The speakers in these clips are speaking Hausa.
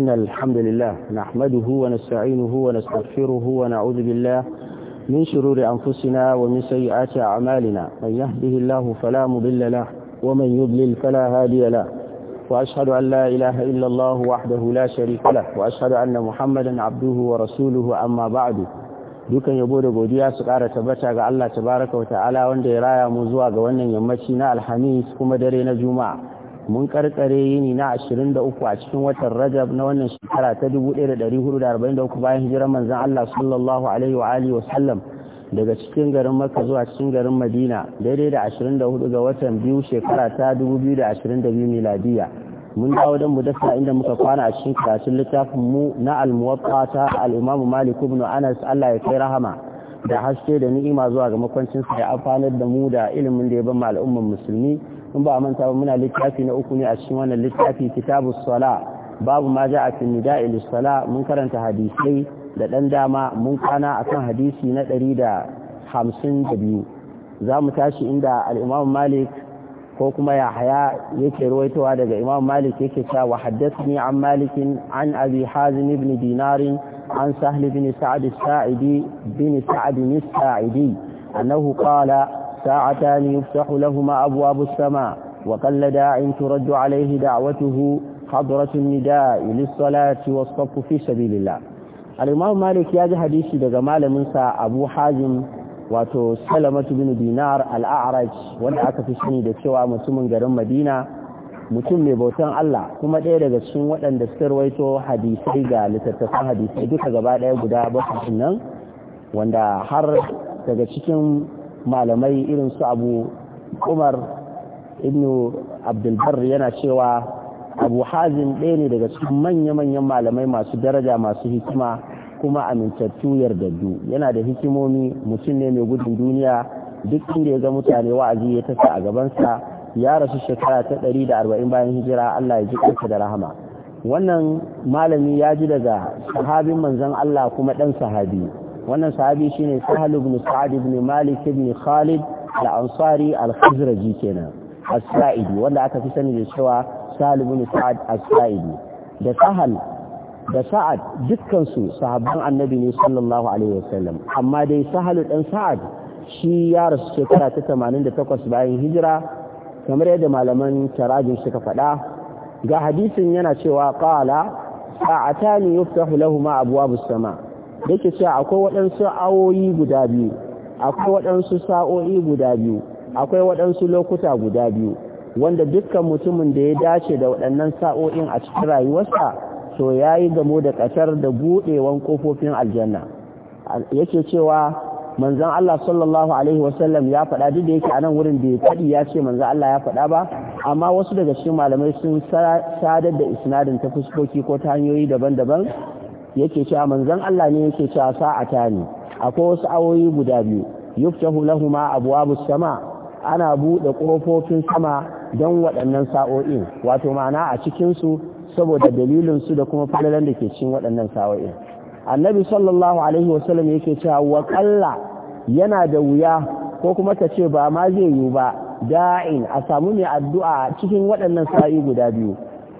إن الحمد لله نحمده ونستعينه ونستغفره ونعوذ بالله من شرور أنفسنا ومن سيئات أعمالنا من يهده الله فلا مضل له ومن يضلل فلا هادي له وأشهد أن لا إله إلا الله وحده لا شريك له وأشهد أن محمدا عبده ورسوله أما بعد dukan yabo da godiya su ƙara tabbata ga Allah tabaraka wa ta'ala wanda ya raya mu zuwa ga wannan yammaci na alhamis kuma dare na juma'a mun karkare yini na 23 a cikin watan Rajab na wannan shekara ta 1443 bayan hijirar manzan Allah sallallahu alaihi wa alihi wa sallam daga cikin garin Makka zuwa cikin garin Madina daidai da 24 ga watan biyu shekara ta 2022 miladiya mun dawo dan mu dafa inda muka kwana a cikin karatun littafin mu na al-muwatta ta al-Imam Malik ibn Anas Allah ya kai rahama da haske da ni'ima zuwa ga makwancin sa ya amfanar da mu da ilimin da ya ba mu al'umman musulmi in ba manta ba muna littafi na uku ne a cikin wannan littafi kitabus sala babu ma ja'a fi nida'i lis sala mun karanta hadisai da dan dama mun kana akan hadisi na 152 za mu tashi inda al-Imam Malik ko kuma Yahya yake ruwaitowa daga Imam Malik yake cewa wa haddathni an Malik an Abi Hazim ibn Dinar an Sahl ibn Sa'd saidi bin Sa'd as-Sa'idi annahu qala ساعتان يفتح لهما أبواب السماء وقل داع ترد عليه دعوته حضرة النداء للصلاة والصف في سبيل الله الإمام مالك يجي حديثي دقى مال منسى أبو حازم wato salamatu bin dinar al'araj wanda aka fi sani da cewa mutumin garin madina mutum mai bautan Allah kuma ɗaya daga cikin waɗanda suka rawaito hadisai ga littattafan hadisai duka gaba ɗaya guda bakwai nan wanda har daga cikin malamai irin su abu umar ibn abdulbar yana cewa abu hazin ɗaya ne daga cikin manya-manyan malamai masu daraja masu hikima kuma amintattu yardaddu yana da hikimomi mutum ne mai gudun duniya duk inda ya ga mutane wa'azi ya tasa a gabansa ya rasu shekara ta ɗari da arba'in bayan hijira Allah ya ji ƙarfi da rahama wannan malami ya ji daga sahabin manzon Allah kuma ɗan sahabi wannan sahabi shine sahal ibn sa'ad ibn malik ibn khalid al-ansari al-khazraji kenan as-sa'idi wanda aka fi sani da cewa sahal ibn sa'ad as-sa'idi da sahal da sa'ad dukkan su sahabban annabi ne sallallahu alaihi wasallam amma dai sahal dan sa'ad shi ya rasu shekara ta 88 bayan hijira kamar yadda malaman tarajin suka faɗa ga hadisin yana cewa qala sa'atani yuftahu lahumu abwabus sama' yake cewa akwai waɗansu awoyi guda biyu akwai waɗansu sa'o'i guda biyu akwai waɗansu lokuta guda biyu wanda dukkan mutumin da ya dace da waɗannan sa'o'in a cikin rayuwarsa to ya yi gamo da ƙasar da buɗewan ƙofofin aljanna yake cewa manzan Allah sallallahu alaihi wasallam ya faɗa duk da yake a nan wurin da ya faɗi ya ce manzan Allah ya faɗa ba amma wasu daga cikin malamai sun sadar da isnadin ta fuskoki ko ta hanyoyi daban-daban yake cewa manzon Allah ne yake cewa sa'ata ne akwai wasu awoyi guda biyu yuftahu lahumu abwabus sama ana bude kofofin sama don waɗannan sa'o'in wato ma'ana a cikin su saboda dalilin su da kuma falalan da ke cikin waɗannan sa'o'in annabi sallallahu alaihi wasallam yake cewa wa qalla yana da wuya ko kuma ta ce ba ma zai yiwu ba da'in a samu mai addu'a cikin waɗannan sa'o'i guda biyu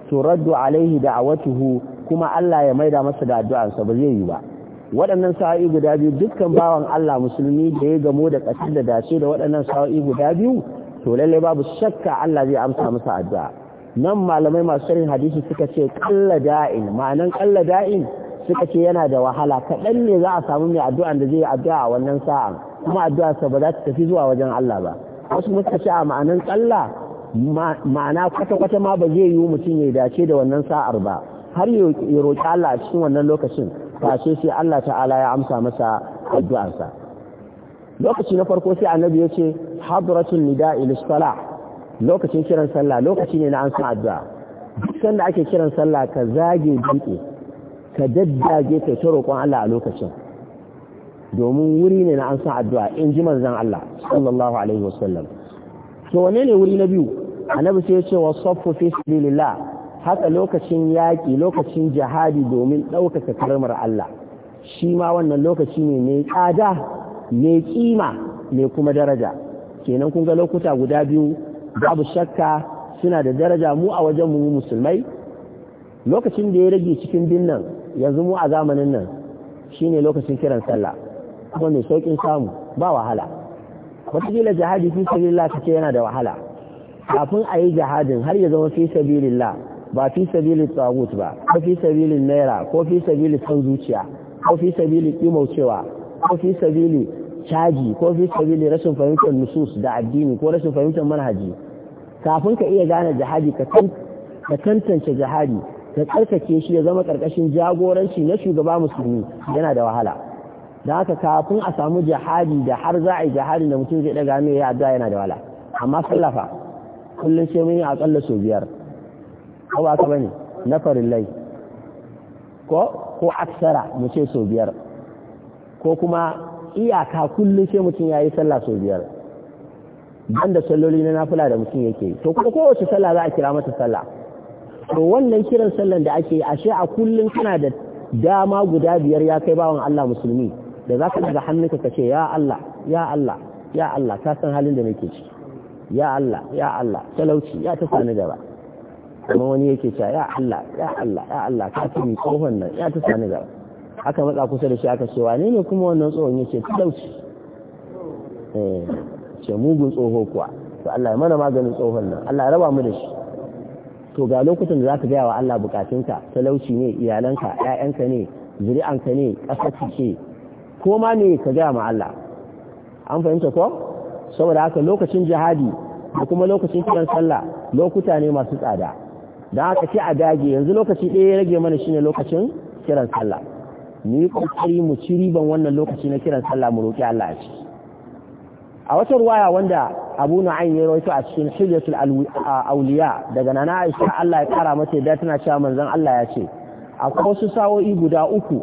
turaddu alaihi da'awatuhu kuma Allah ya maida masa da addu'arsa ba zai yi ba waɗannan sa'o'i guda biyu dukkan bawan Allah musulmi da ya gamo da ƙasar da dace da waɗannan sa'o'i guda biyu to lalle babu shakka Allah zai amsa masa addu'a nan malamai masu sharhin hadisi suka ce kalla da'in ma'anan kalla da'in suka ce yana da wahala kaɗan ne za a samu mai addu'an da zai addu'a a wannan sa'an kuma addu'arsa ba za ta tafi zuwa wajen Allah ba wasu musu ce a ma'anan kalla ma'ana kwata-kwata ma ba zai yiwu mutum ya dace da wannan sa'ar ba har ya roƙi Allah a cikin wannan lokacin tashe sai Allah ta'ala ya amsa masa addu'arsa lokaci na farko sai annabi ya ce hadratul nida'i lis-salah lokacin kiran sallah lokaci ne na an san addu'a duk sanda ake kiran sallah ka zage dutse ka daddage ka ta roƙon Allah a lokacin domin wuri ne na an san addu'a in ji manzon Allah sallallahu alaihi wasallam to wane ne wuri na biyu annabi sai ya ce wasaffu fi sabilillah haka lokacin yaƙi lokacin jihadi domin ɗaukaka kalmar Allah shi ma wannan lokaci ne mai tsada mai kima mai kuma daraja kenan kun ga lokuta guda biyu babu shakka suna da daraja mu a wajen mu musulmai lokacin da ya rage cikin dinnan yanzu mu a zamanin nan shine lokacin kiran sallah kuma mai saukin samu ba wahala wataƙila jihadi fi sabilillah kace yana da wahala kafin a yi jihadin har ya zama fi sabilillah ba fi sabili tsawut ba ko fi sabili naira ko fi sabili san zuciya ko fi sabili kimaucewa ko fi sabili caji ko fi sabili rashin fahimtar nusus da addini ko rashin fahimtar manhaji kafin ka iya gane jihadi ka tantance jihadi ka tsarkake shi ya zama karkashin jagoranci na shugaba musulmi yana da wahala don haka kafin a samu jihadi da har za a yi jihadi da mutum zai daga mai ya addu'a yana da wahala amma sallafa kullum sai mun yi aƙalla sau biyar ko ba ka bane na farin lai? ko ko aksara mu ce so biyar ko kuma iyaka kullum sai mutum ya yi sallah so biyar banda salloli na nafula da mutum yake to kuma kowace sallah za a kira mata sallah to wannan kiran sallan da ake ashe a kullum kana da dama guda biyar ya kai bawan Allah musulmi da za ka daga hannunka ka ce ya Allah ya Allah ya Allah ka san halin da nake ciki ya Allah ya Allah talauci ya ta sani gaba kuma wani yake cewa ya Allah ya Allah ya Allah ka ci tsohon nan ya ta sani gaba aka matsa kusa da shi aka ce wane ne kuma wannan tsohon yake talauci eh ce mugun tsoho kuwa to Allah ya mana maganin tsohon nan Allah ya raba mu da shi to ga lokutan da zaka gaya wa Allah bukatunka talauci ne iyalanka ƴaƴanka ne zuri'anka ne ƙasarki ce ko ma ne ka gaya ma Allah an fahimta ko saboda haka lokacin jihadi da kuma lokacin kiran sallah lokuta ne masu tsada da aka ce a dage yanzu lokaci ɗaya ya rage mana shine lokacin kiran sallah ni yi kokari mu ci riban wannan lokaci na kiran sallah mu roki Allah a ciki a wata ruwaya wanda Abu Nu'aym ya rawaito a cikin Hilyatul Awliya daga Nana Aisha Allah ya kara mata da tana cewa manzon Allah ya ce akwai wasu sa'o'i guda uku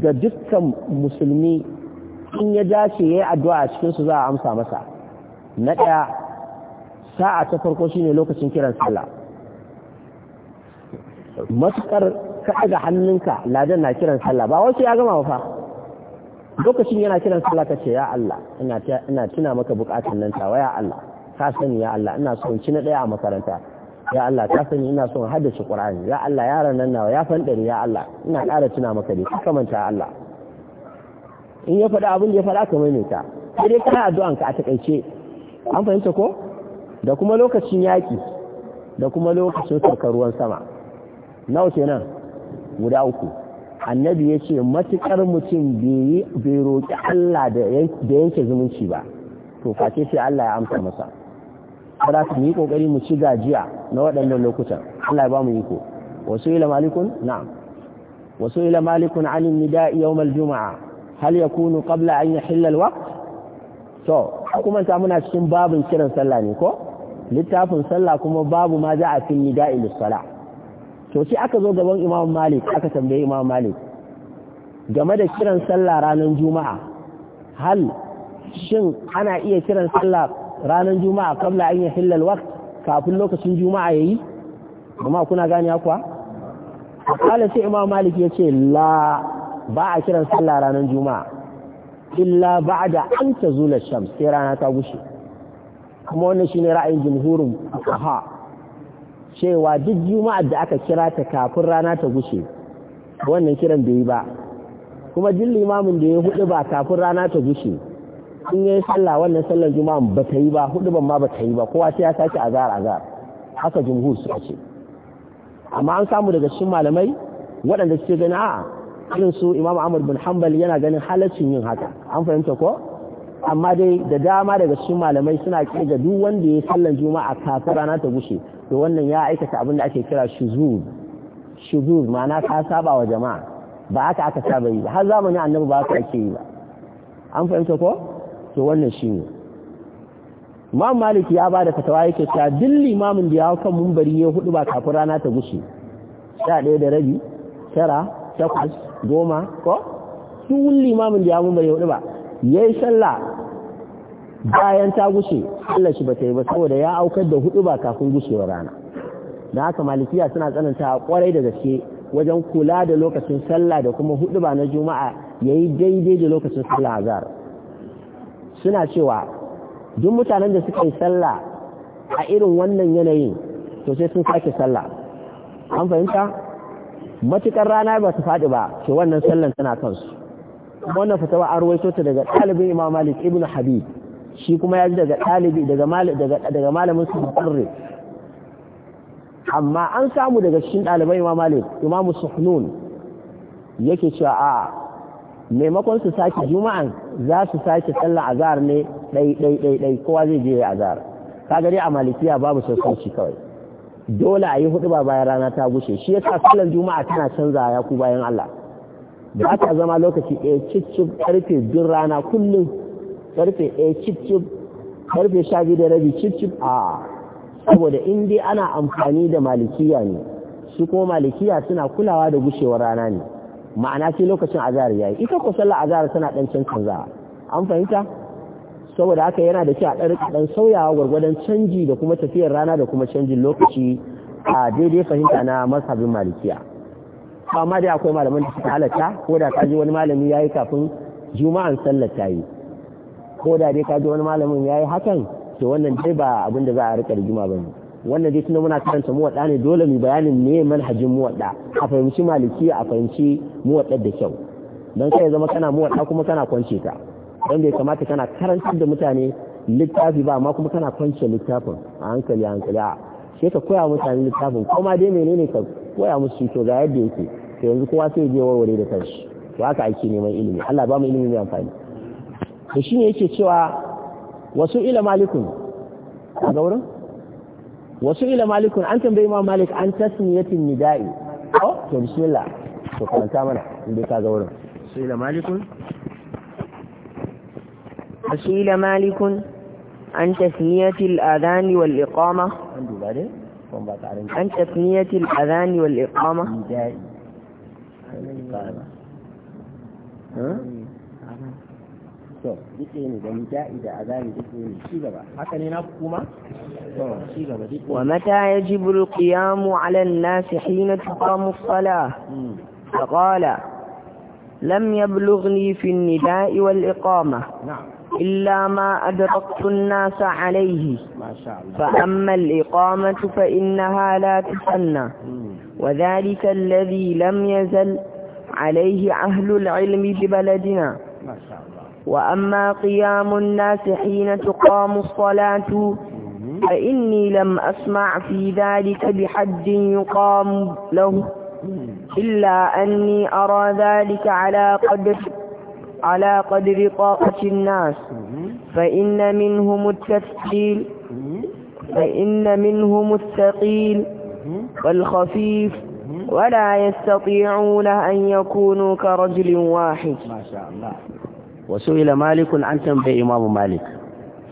ga dukkan musulmi in ya dace yayi addu'a a cikin su za a amsa masa na ɗaya sa'a ta farko shine lokacin kiran sallah matukar ka daga hannunka ladan na kiran sallah ba wasu ya gama fa lokacin yana kiran sallah ka ce ya Allah ina tuna maka bukatun nan tawa ya Allah ka sani ya Allah ina son cin ɗaya daya a makaranta ya Allah ka sani ina son haddace Qur'ani ya Allah yaran nan nawa ya ni, ya Allah ina ƙara tuna maka dai ka manta Allah in ya faɗa abin da ya faɗa ka maimaita sai dai kana addu'an ka a takaice an fahimta ko da kuma lokacin yaƙi da kuma lokacin sarkar ruwan sama nawa kenan guda uku annabi ya ce matuƙar mutum bai roƙi Allah da yanke zumunci ba to face sai Allah ya amsa masa kada su yi kokari mu ci gajiya na waɗannan lokutan Allah ya ba mu iko wasu ila malikun na'am wasu ila malikun an nida'i yawmal juma'a hal yakunu qabla an yahilla alwaqt to kuma ta muna cikin babin kiran sallah ne ko littafin sallah kuma babu ma za a fi nida'i lis-salah to sai aka zo gaban imam malik aka tambaye imam malik game da kiran sallah ranar juma'a hal shin ana iya kiran sallah ranar juma'a kabla an yi hillal waqt kafin lokacin juma'a yayi kuma kuna gani akwa kala sai imam malik ya ce la ba a kiran sallah ranar juma'a illa ba'da an tazula shams sai rana ta gushe kuma wannan shine ra'ayin jumhurin ha cewa duk juma'ar da aka kira ta kafin rana ta gushe wannan kiran bai yi ba kuma duk limamin da ya hudu ba kafin rana ta gushe in yayi sallah wannan sallar juma'a ba ta yi ba hudu ban ma ba ta yi ba kowa sai ya sake azar azar haka jumhur suka ce amma an samu daga cikin malamai waɗanda suke gani a'a irin su imam ahmad bin hanbal yana ganin halaccin yin haka an fahimta ko amma dai da dama daga cikin malamai suna kirga duk wanda ya sallan juma'a kafin rana ta gushe to wannan ya aikata abin da ake kira shuzur shuzur ma'ana ka saba wa jama'a ba aka aka saba yi har zamanin annabi ba aka ake yi ba an fahimta ko to wannan shine Imam Malik ya bada fatawa yake cewa duk limamin da ya hau kan mumbari ya hudu ba kafin rana ta gushe sha ɗaya da rabi tara takwas goma ko duk limamin da ya mumbari ya hudu ba yayi sallah bayan ta gushe Allah shi bata yi ba saboda ya aukar da hudu ba kafin gushewar rana da haka malikiya suna tsananta kwarai da gaske wajen kula da lokacin sallah da kuma hudu ba na juma'a yayi daidai da lokacin sallah azhar suna cewa duk mutanen da suka yi sallah a irin wannan yanayin to sai sun sake sallah an fahimta matukar rana ba ta faɗi ba to wannan sallan tana kansu wannan fatawa an ruwaito ta daga ɗalibin imam malik ibnu habib shi kuma ya ji daga ɗalibi daga malamin su mutarri amma an samu daga cikin ɗalibai ma malik imamu suhnun yake cewa a maimakon su sake juma'an za su sake sallar azhar ne ɗai ɗai ɗai ɗai kowa zai je azhar Ka gari a malikiya babu sassauci kawai dole a yi hudu ba bayan rana ta gushe shi ya yasa sallar juma'a tana canza ya ku bayan Allah ba ta zama lokaci ɗaya cikin karfe duk rana kullum karfe ɗaya cip cip karfe sha biyu da rabi cip cip a saboda in dai ana amfani da malikiya ne shi kuma malikiya suna kulawa da gushewar rana ne ma'ana sai lokacin ya yi. ita ko sallar azhar tana dan cancan za an fahimta saboda haka yana da kyau a ɗan ɗan sauyawa gwargwadon canji da kuma tafiyar rana da kuma canjin lokaci a daidai fahimta na mazhabin malikiya amma dai akwai malaman da suka halatta ko da kaji wani malami ya yi kafin juma'an sallar ta yi ko da dai ka ji wani malamin ya yi hakan to wannan dai ba abin da za a rika rigima ba ne wannan dai tunda muna karanta muwaɗa ne dole mu bayanin me manhajin muwaɗa a fahimci maliki a fahimci muwaɗa da kyau don kai zama kana muwaɗa kuma kana kwance ta don bai kamata kana karantar da mutane littafi ba amma kuma kana kwance littafin a hankali a hankali a sai ka koya mutane littafin kuma dai menene ka koya musu to ga yadda yake to yanzu kowa sai ya je warware da kanshi to haka ake neman ilimi Allah ba mu ilimi mai amfani to shine yake cewa wasu ila malikun a gaurin wasu ila malikun an tambaye ma malik an tasmiyatin nida'i oh to bismillah to kan ta mana inda ka gaurin wasu ila malikun wasu ila malikun an tasmiyatil عن تثنية الأذان والإقامة عن تثنية الأذان والإقامة ها؟ to duk ne da الناس da تقام duk ne shi gaba haka ne na kuma to shi gaba duk wa mata yajibu ala an-nas hina tuqamu as-salah فقال لم يبلغني في النداء والإقامة إلا ما أدركت الناس عليه ما شاء الله فأما الإقامة فإنها لا تسنى وذلك الذي لم يزل عليه أهل العلم ببلدنا ما شاء الله وأما قيام الناس حين تقام الصلاة فإني لم أسمع في ذلك بحد يقام له إلا أني أرى ذلك على قدر على قدر طاقة الناس فإن منهم التثقيل فإن منهم الثقيل والخفيف ولا يستطيعون أن يكونوا كرجل واحد ما شاء الله wasu ila malikun an tambaye imamu malik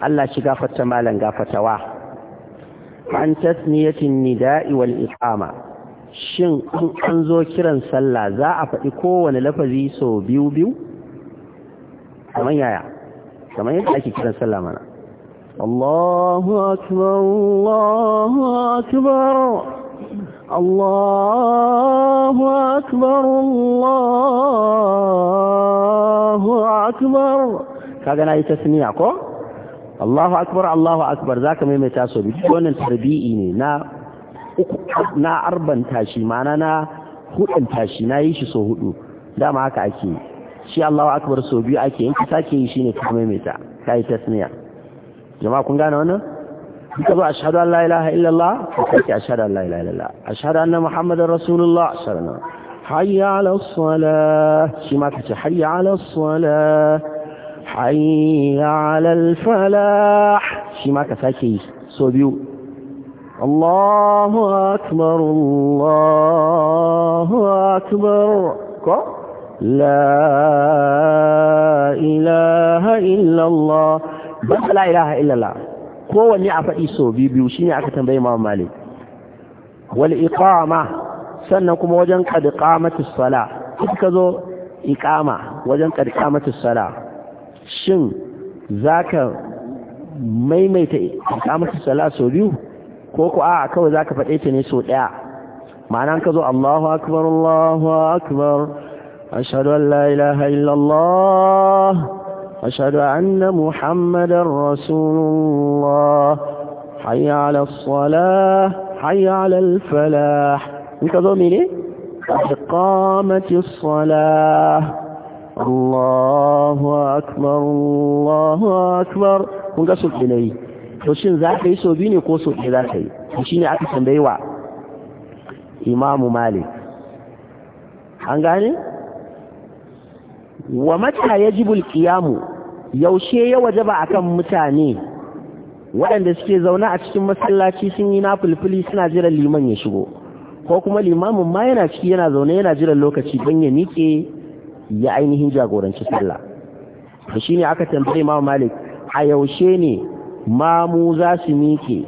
Allah shi gafarta malan gafatawa an tasniyatin nida'i wal iqama shin in an zo kiran sallah za a faɗi kowane lafazi so biyu biyu kamar yaya kamar yadda ake kiran sallah mana Allahu akbar Allahu akbar الله أكبر الله أكبر كذا نايت tasmiya ko Allahu akbar Allahu akbar zaka maimaita so biyu نا tarbi'i ne na arban tashi mana na hudun tashi na yi shi so hudu dama haka ake shi Allahu akbar so biyu ake in sake yi shine ka maimaita kai tasmiya jama'a kun gane wannan تقول أشهد أن لا إله إلا الله تأتي أشهد أن لا إله إلا الله أشهد أن محمد رسول الله أشهد أن حي على الصلاة شي ما تحكي حي على الصلاة حي على الفلاح شي ما تحكي سوبيو الله أكبر الله أكبر كو لا إله إلا الله بس لا إله إلا الله kowanne a faɗi so biyu biyu shine aka tambayi ma malik wal iqama sannan kuma wajen qad qamatis sala ka zo iqama wajen qad qamatis sala shin zaka maimaita iqamatis sala so biyu ko ko a kawai zaka faɗe ta ne so ɗaya ma'anan ka zo Allahu akbar Allahu akbar ashhadu an la ilaha illallah أشهد أن محمد رسول الله حي على الصلاة حي على الفلاح الكذومين إقامة الصلاة الله أكبر الله أكبر من قصد إلي فشين ذاكي سوبيني قصد إذاكي فشيني أكي سنبيوع إمام مالك هنغاني ومتى يجب القيام؟ yaushe ya waje ba akan mutane waɗanda suke zauna a cikin masallaci sun yi na nafulfuli suna jiran liman ya shigo ko kuma limamin ma yana ciki yana zaune yana jiran lokaci don ya miƙe ya ainihin jagoranci sallah shi ne aka tambaye ma Malik a yaushe ne mamu za su miƙe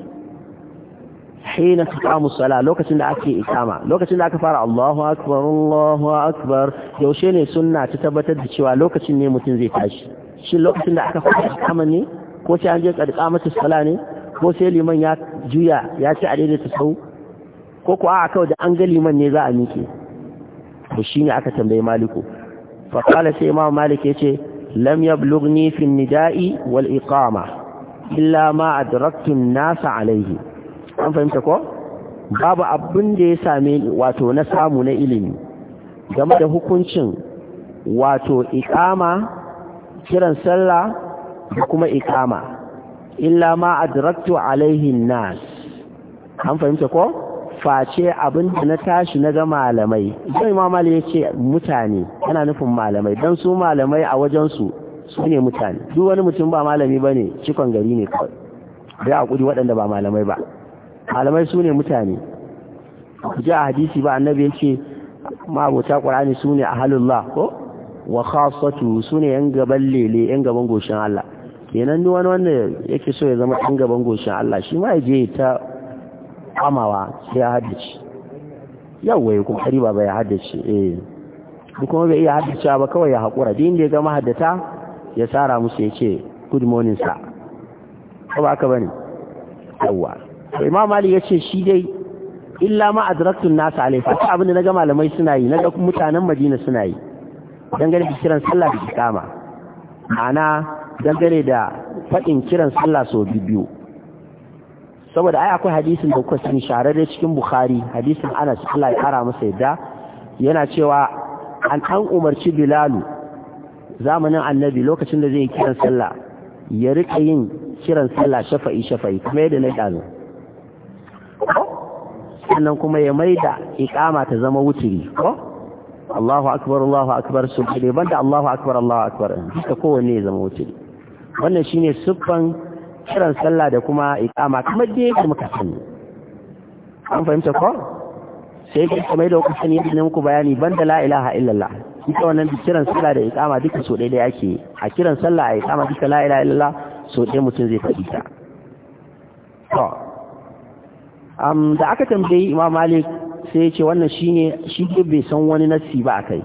hina kamu sala lokacin da ake ikama lokacin da aka fara Allahu akbar Allahu akbar yaushe ne suna ta tabbatar da cewa lokacin ne mutum zai tashi shi lokacin da aka fara kama ne ko sai an je karka mata sala ne ko sai liman ya juya ya ci a daidaita sau ko ko a kawai da an ga liman ne za a miƙe shi shine aka tambayi maliku Fakala sai sai imam malik ce lam yablughni fi nida'i wal iqama illa ma a an-nasa alaihi an fahimta ko babu abin da ya same wato na samu na ilimi game da hukuncin wato iqama kiran sallah da kuma ikama illa ma adraktu alaihi nas an fahimta ko face abin da na tashi na ga malamai idan imam ali yace mutane yana nufin malamai dan su malamai a wajen su sune mutane duk wani mutum ba malami bane cikon gari ne kawai da kudi waɗanda ba malamai ba malamai sune mutane ku ji a hadisi ba annabi yace ma abota qur'ani sune ahlullah ko wa khasatu sune yan gaban lele yan gaban goshin Allah kenan ni wani wanda yake so ya zama yan gaban goshin Allah shi ma yaje ta amawa sai ya haddace yawa ya kuma riba bai haddace eh kuma bai iya haddace ba kawai ya hakura din da ya ga haddata ya tsara musu ya ce good morning sir ko ba ka bane yawa sai imam ali ya ce shi dai illa ma adraktu an-nas alayhi fa abin da naga malamai suna yi naga mutanen madina suna yi dangane da kiran sallah da ikama ma'ana dangane da faɗin kiran sallah sau biyu saboda ai akwai hadisin da kuka sani shararre cikin bukhari hadisin anas Allah ya kara masa yadda yana cewa an an umarci bilalu zamanin annabi lokacin da zai kiran sallah ya rika yin kiran sallah shafa'i shafa'i kuma yadda na dazu sannan kuma ya maida iqama ta zama wuturi ko Allahu akbar Allahu akbar su ne banda Allahu akbar Allahu akbar duka kowanne ya zama wuce wannan shine sufan kiran sallah da kuma iqama kamar dai yadda muka sani an fahimta ko sai kai kamar da kuka sani yadda muku bayani banda la ilaha illallah ita wannan kiran sallah da iqama duka so dai dai ake a kiran sallah a iqama duka la ilaha illallah so dai mutum zai faɗi ta to da aka tambayi Imam Malik sai ya ce wannan shine shi bai san wani nassi ba a kai.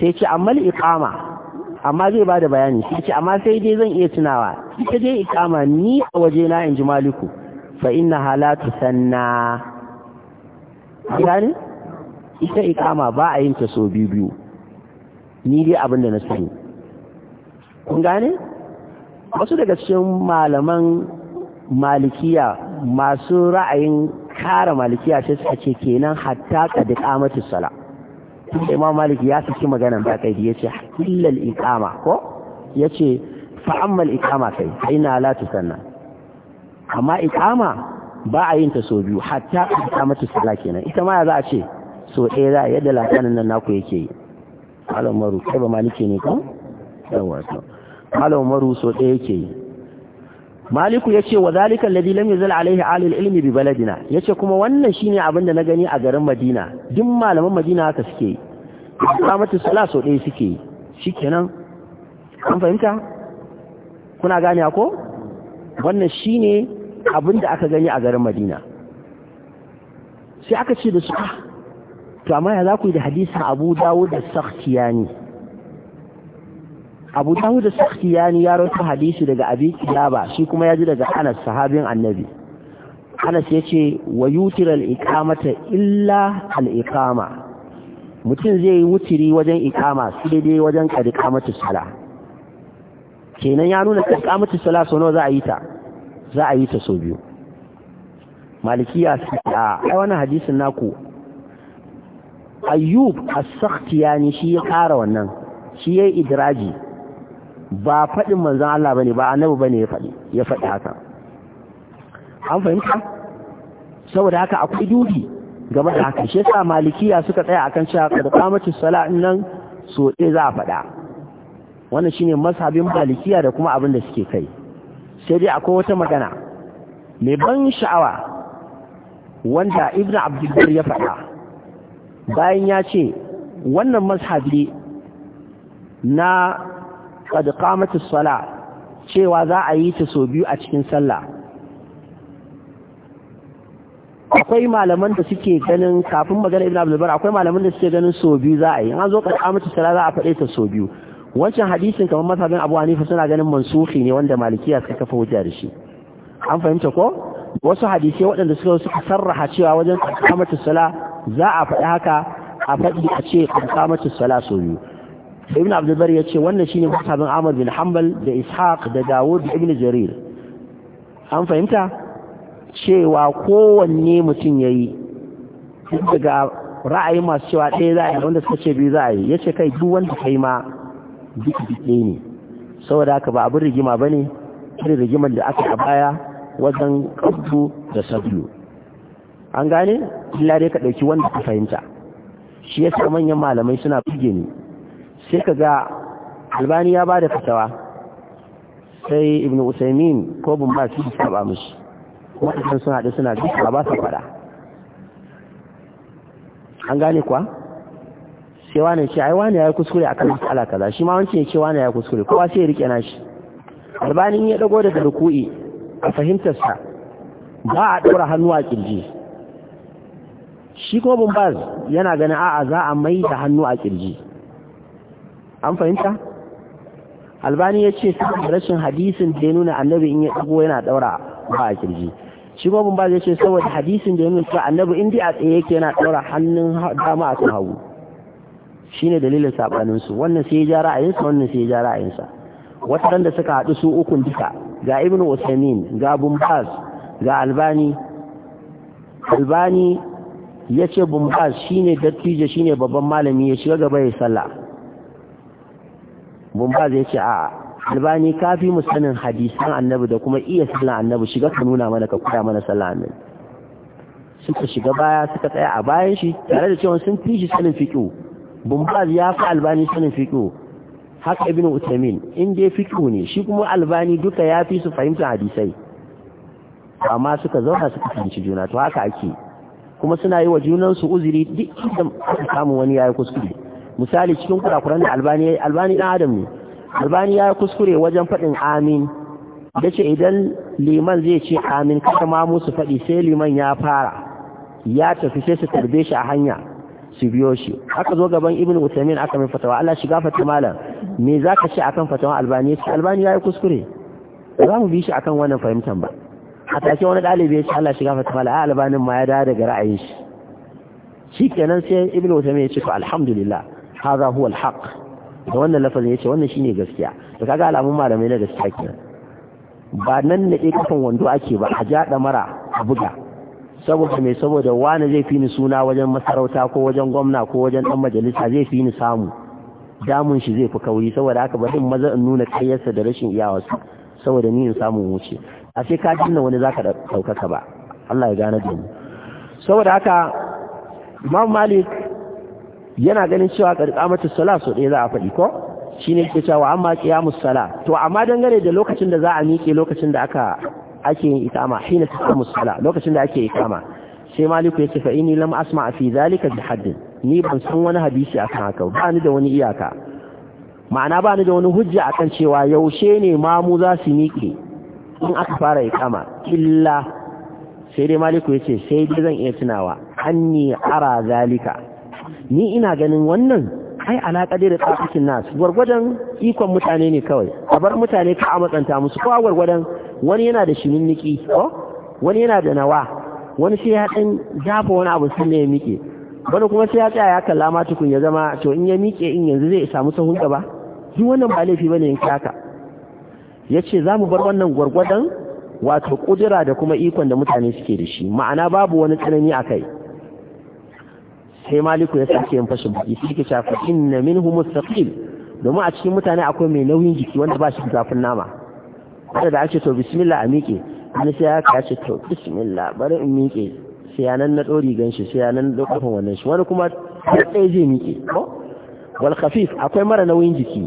sai ce amma ikama amma zai bada bayani sai ce amma sai dai zan iya tunawa ita dai ikama ni a waje na inji maliku fa inna halatu sanna gani ita ikama ba a yin ta so biyu biyu ni dai abin da na sani kun gane wasu daga cikin malaman malikiya masu ra'ayin kara malikiya sai suka ce kenan hatta kadi qamatu sala sai imam malik ya saki magana da kai yace ce al iqama ko yace fa amma iqama kai aina la tusanna amma iqama ba a yin ta so biyu hatta qamatu sala kenan ita ma za a ce so ɗaya za a yadda lakanin nan naku yake yi malam maru kai ba malike ne ko yawa to alamaru maru so ɗaya yake yi maliku ya ce wa zalika alladhi lam yazal alaihi alil ilmi bi baladina ya ce kuma wannan shine abin da na gani a garin madina duk malaman madina haka suke yi kamatu sala so ɗaya suke yi shikenan an fahimta kuna gane ko wannan shine abin da aka gani a garin madina sai aka ce da su ah, to amma ya za ku yi da hadisin abu dawud da sakhtiyani abu da saki ya ni ta hadisi daga abi kilaba shi kuma ya ji daga anas sahabin annabi anas ya ce wa yutir al-iqamata illa al-iqama mutum zai yi wutiri wajen iqama su dai wajen qadiqamatu sala kenan ya nuna qadiqamatu sala sau nawa za a yi ta za a yi ta sau biyu malikiya a ai wannan hadisin naku ayyub as-sakhtiyani shi ya kara wannan shi yayi idraji ba faɗin manzan Allah bane ba annabi bane ya faɗi ya faɗi haka an fahimta saboda haka akwai dubi game da haka shi yasa malikiya suka tsaya akan cewa da qamatu sala'in nan so ɗaya za a faɗa wannan shine mashabin malikiya da kuma abin da suke kai sai dai akwai wata magana mai ban sha'awa wanda ibn abdulbar ya faɗa bayan ya ce wannan mazhabi na kada qamati sala cewa za a yi ta so biyu a cikin sallah akwai malaman da suke ganin kafin magana ibn abdul bar akwai malaman da suke ganin so biyu za a yi an zo qamati as-sala za a faɗe ta so biyu wancan hadisin kamar masabin Abu Hanifa suna ganin mansuhi ne wanda malikiya suka kafa hujja da shi an fahimta ko wasu hadisai waɗanda suka suka sarraha cewa wajen kamatu sala za a faɗi haka a faɗi a ce kamatu sala so biyu ibn abdulbar ya ce wannan shine musabin ahmad bin hanbal da ishaq da dawud da ibn jarir an fahimta cewa kowanne mutum ya yi daga ra'ayi masu cewa ɗaya za a yi wanda suka ce biyu za a yi ya ce kai duk wanda kai ma duk ɗaya ne saboda haka ba abin rigima ba ne irin rigimar da aka a baya wajen ƙabdu da sabulu. an gane illa dai ka ɗauki wanda ka fahimta shi yasa manyan malamai suna buge ni sai ka ga albani ya ba da fatawa sai ibn usaimin ko bin ba su saba mushi waɗannan suna da suna duka ba su faɗa an gane kuwa sai wani ce ai wani ya yi kuskure akan mas'ala kaza shi ma wancan ya ce wani ya yi kuskure kowa sai ya rike nashi albani ya dago daga ruku'i a fahimtarsa ba a ɗora hannu a kirji shi ko bumbaz yana ganin a'a za a mai da hannu a kirji an fahimta albani ya ce rashin hadisin da ya nuna annabi in ya dago yana ɗaura ba a kirji shi kuma bin ya ce saboda hadisin da ya nuna annabi in a tsaye yake yana ɗaura hannun dama a kan hagu shine dalilin saɓaninsu wannan sai ya ja ra'ayinsa wannan sai ya ja ra'ayinsa wata da suka haɗu su ukun duka ga ibn usaimin ga bumbaz ga albani albani ya ce bumbaz shine dattijo shine babban malami ya shiga gaba ya sallah bumba ya ce a albani ka fi mu hadisan annabi da kuma iya sallan annabi shiga ka nuna mana ka koya mana sallan annabi suka shiga baya suka tsaya a bayan shi tare da cewa sun fi shi sanin fiƙo Bumbaz ya fi albani sanin fiƙo haka ibn utaimin in dai fiƙo ne shi kuma albani duka ya fi su fahimta hadisai amma suka zauna suka fahimci juna to haka ake kuma suna yi wa junansu uzuri duk inda samu wani yayi kuskure misali cikin kurakuran da albani albani dan adam ne albani ya kuskure wajen faɗin amin da ce idan liman zai ce amin kada ma musu faɗi sai liman ya fara ya tafi sai su tarbe shi a hanya su biyo shi aka zo gaban ibnu utaimin aka mai fatawa Allah shiga fata malam me zaka ce akan fatawa albani sai albani ya kuskure za mu bi shi akan wannan fahimtar ba a take wani ɗalibi ya ce Allah shiga fata malam albanin ma ya dawo daga ra'ayin shi shikenan sai ibnu utaimin ya ce to alhamdulillah haza huwa alhaq da wannan lafazin yace wannan shine gaskiya to kaga alamun malamai na gaskiya kenan ba nan ne kafan wando ake ba a ja mara a buga saboda me saboda wani zai fi ni suna wajen masarauta ko wajen gwamna ko wajen dan majalisa zai fi ni samu damun shi zai fi kauri saboda haka bari in maza in nuna kayyarsa da rashin iyawarsa saboda ni in samu wuce a sai ka dinna wani zaka daukaka ba Allah ya gane da mu saboda haka Imam Malik yana ganin cewa karkamatu sala so ɗaya za a faɗi ko shine yake cewa amma qiyamus sala to amma dangane da lokacin da za a miƙe lokacin da aka ake yin ikama hina qiyamus sala lokacin da ake ikama sai maliku yake fa inni lam asma fi zalika bi hadd ni ban san wani hadisi akan haka ba ni da wani iyaka ma'ana ba ni da wani hujja akan cewa yaushe ne mamu za su miƙe in aka fara ikama illa sai dai maliku yace sai dai zan iya tunawa anni ara zalika ni ina ganin wannan ai alaƙa da tsakikin nas gwargwadon ikon mutane ne kawai a bar mutane ka a matsanta musu ko gwargwadon wani yana da shinunniki, ko wani yana da nawa wani sai ya dan jafa wani abu sun ne ya miƙe wani kuma sai ya tsaya ya kalla ma tukun ya zama to in ya miƙe in yanzu zai samu sahun gaba duk wannan ba laifi bane in kaka yace za mu bar wannan gwargwadon wato ƙudura da kuma ikon da mutane suke da shi ma'ana babu wani tsanani a kai sai maliku ya sake yin fashin baki sai ke shafa inna minhu mustaqil domin a cikin mutane akwai mai nauyin jiki wanda ba shi da zafin nama wanda da ake to bismillah a miƙe ne sai ya ka ce to bismillah bari in miƙe sai ya nan na ɗori ganshi, sai ya nan da ƙofin wannan shi wani kuma ɗaya zai miƙe ko wal khafif akwai mara nauyin jiki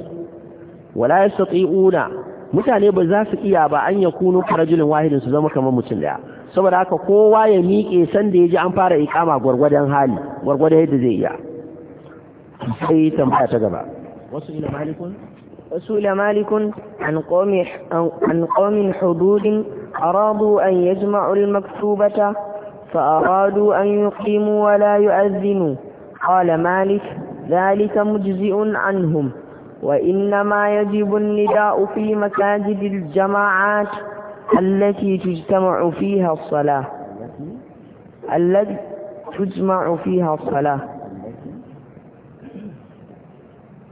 wala yastati'una mutane ba za su iya ba an yakunu karajulin wahidin su zama kamar mutum daya saboda haka kowa ya miƙe san da ya ji an fara ikama gwargwadon hali gwargwadon yadda zai iya sai tambaya ta gaba wasu ila malikun وسئل مالك عن قوم عن قوم حدود أرادوا أن يجمعوا المكتوبة فأرادوا أن يقيموا ولا يؤذنوا قال مالك ذلك مجزئ عنهم وإنما يجب النداء في مساجد الجماعات التي تجتمع فيها الصلاة التي تجمع فيها الصلاة